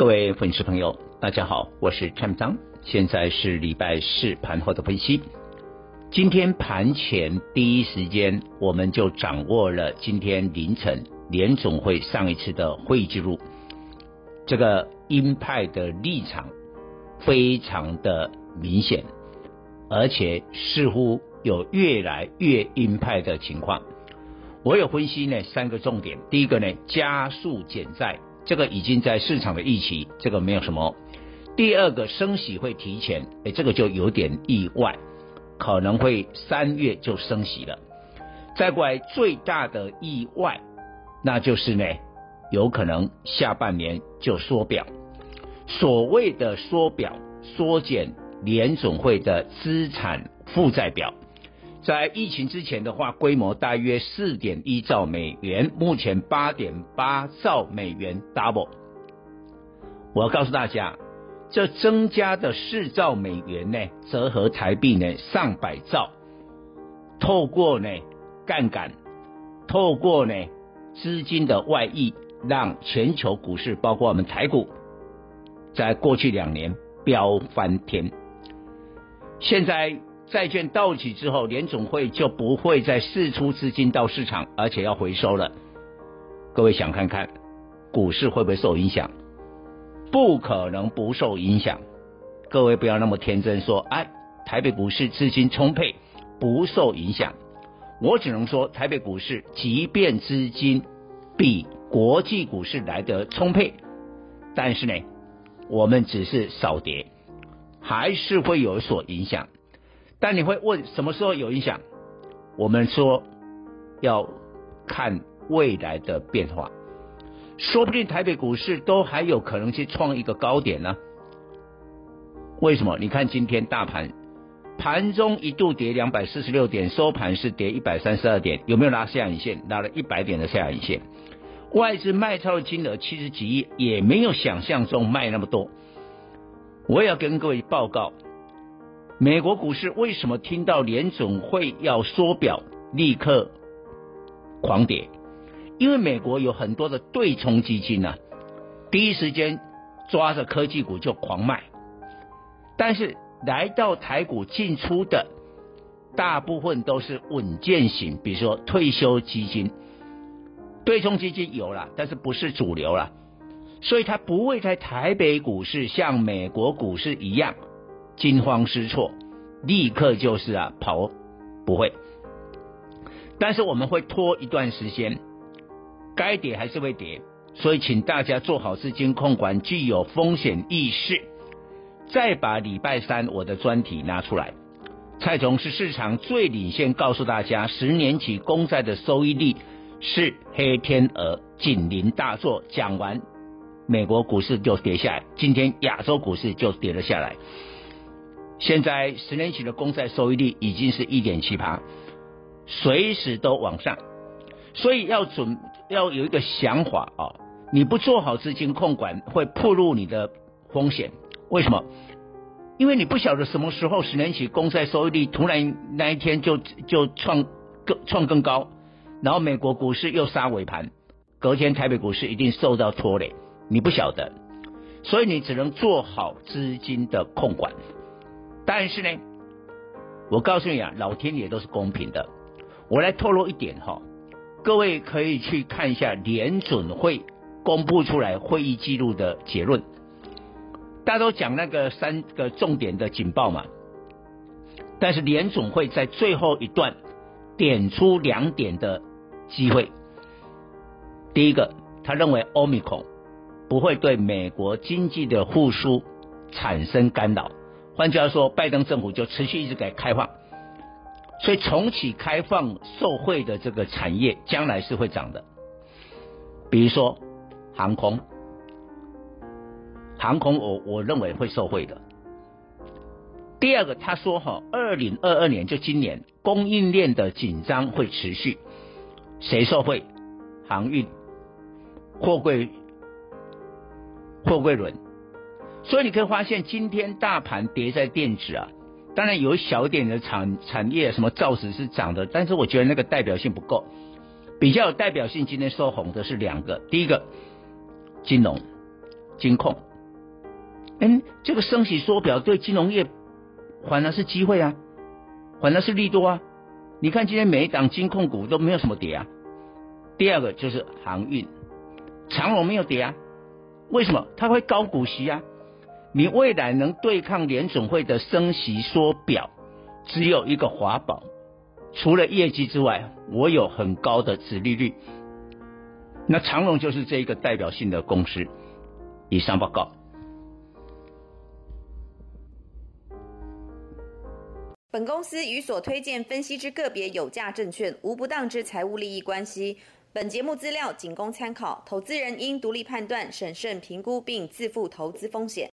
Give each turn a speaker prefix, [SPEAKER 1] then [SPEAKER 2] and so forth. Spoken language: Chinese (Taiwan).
[SPEAKER 1] 各位粉絲朋友，大家好，我是蔡明彰，現在是禮拜四盤後的分析。今天盤前第一時間，我們就掌握了今天凌晨聯準會上一次的會議記錄。這個鷹派的立場非常的明顯，而且似乎有越來越鷹派的情況。我有分析呢三個重點，第一個呢加速減債。這個已經在市場的預期，這個沒有什麼。第二個升息會提前，哎，這個就有點意外，可能會三月就升息了。再過來最大的意外，那就是呢，有可能下半年就縮表。所謂的縮表，縮減聯準會的資產負債表。在疫情之前的話，規模大約四點一兆美元，目前八點八兆美元，double。我要告訴大家，這增加的四兆美元呢，折合台幣呢上百兆，透過呢槓桿，透過呢資金的外溢，讓全球股市，包括我們台股，在過去兩年飆翻天，現在。債券到期之後，聯準會就不會再釋出資金到市場，而且要回收了。各位想看看股市會不會受影響？不可能不受影響。各位不要那麼天真說，說哎，台北股市資金充沛，不受影響。我只能說，台北股市即便資金比國際股市來得充沛，但是呢，我們只是少跌，還是會有所影響。但你會問什麼時候有影響？我們說要看未來的變化，說不定台北股市都還有可能去創一個高點呢、啊。為什麼？你看今天大盤盤中一度跌兩百四十六點，收盤是跌一百三十二點，有沒有拉下影線？拉了一百點的下影線，外資賣超的金額七十幾億，也沒有想象中賣那麼多。我也要跟各位報告。美國股市為什麼聽到聯準會要縮表，立刻狂跌？因為美國有很多的對沖基金啊，第一時間抓着科技股就狂賣。但是來到台股進出的大部分都是穩健型，比如說退休基金、對沖基金有了，但是不是主流了，所以它不會在台北股市像美國股市一樣。驚慌失措，立刻就是啊跑，不會。但是我們會拖一段時間，該跌還是會跌。所以請大家做好資金控管，具有風險意識，再把禮拜三我的專題拿出來。蔡總是市場最領先，告訴大家十年期公債的收益率是黑天鵝，警鈴大作講完，美國股市就跌下來，今天亞洲股市就跌了下來。現在十年期的公債收益率，已經是一點七趴，隨時都往上，所以要準要有一個想法啊、哦！你不做好資金控管，會暴露你的風險。為什麼？因為你不曉得什麼時候十年期公債收益率，突然那一天就就創更創更高，然後美國股市又殺尾盤，隔天台北股市一定受到拖累，你不曉得，所以你只能做好資金的控管。但是呢，我告訴你啊，老天爺都是公平的。我來透露一點哈、哦，各位可以去看一下聯準會公布出來會議記錄的結論。大家都講那個三個重點的警報嘛，但是聯準會在最後一段點出兩點的機會。第一個，他認為 Omicron 不會對美國經濟的復甦產生干擾。換句話說，拜登政府就持續一直在開放，所以重啟開放受惠的這個產業，將來是會漲的。比如說航空，航空我我認為會受惠的。第二個，他說哈，二零二二年就今年供應鏈的緊張會持續，誰受惠？航運、貨櫃、貨櫃輪。所以你可以發現，今天大盤跌在電子啊，當然有小一小點的產產業什麼造紙是漲的，但是我覺得那個代表性不夠。比較有代表性，今天收紅的是兩個，第一個金融金控，嗯、欸，這個升息縮表對金融業，反而是機會啊，反而是利多啊。你看今天每一檔金控股都沒有什麼跌啊。第二個就是航運，長榮沒有跌啊，為什麼？它會高股息啊。你未來能對抗聯準會的升息縮表，只有一個法寶，除了業績之外，我有很高的殖利率。那長榮就是這一個代表性的公司。以上報告。本公司與所推薦分析之個別有價證券無不當之財務利益關係。本節目資料僅供參考，投資人應獨立判斷、審慎評估並自負投資風險。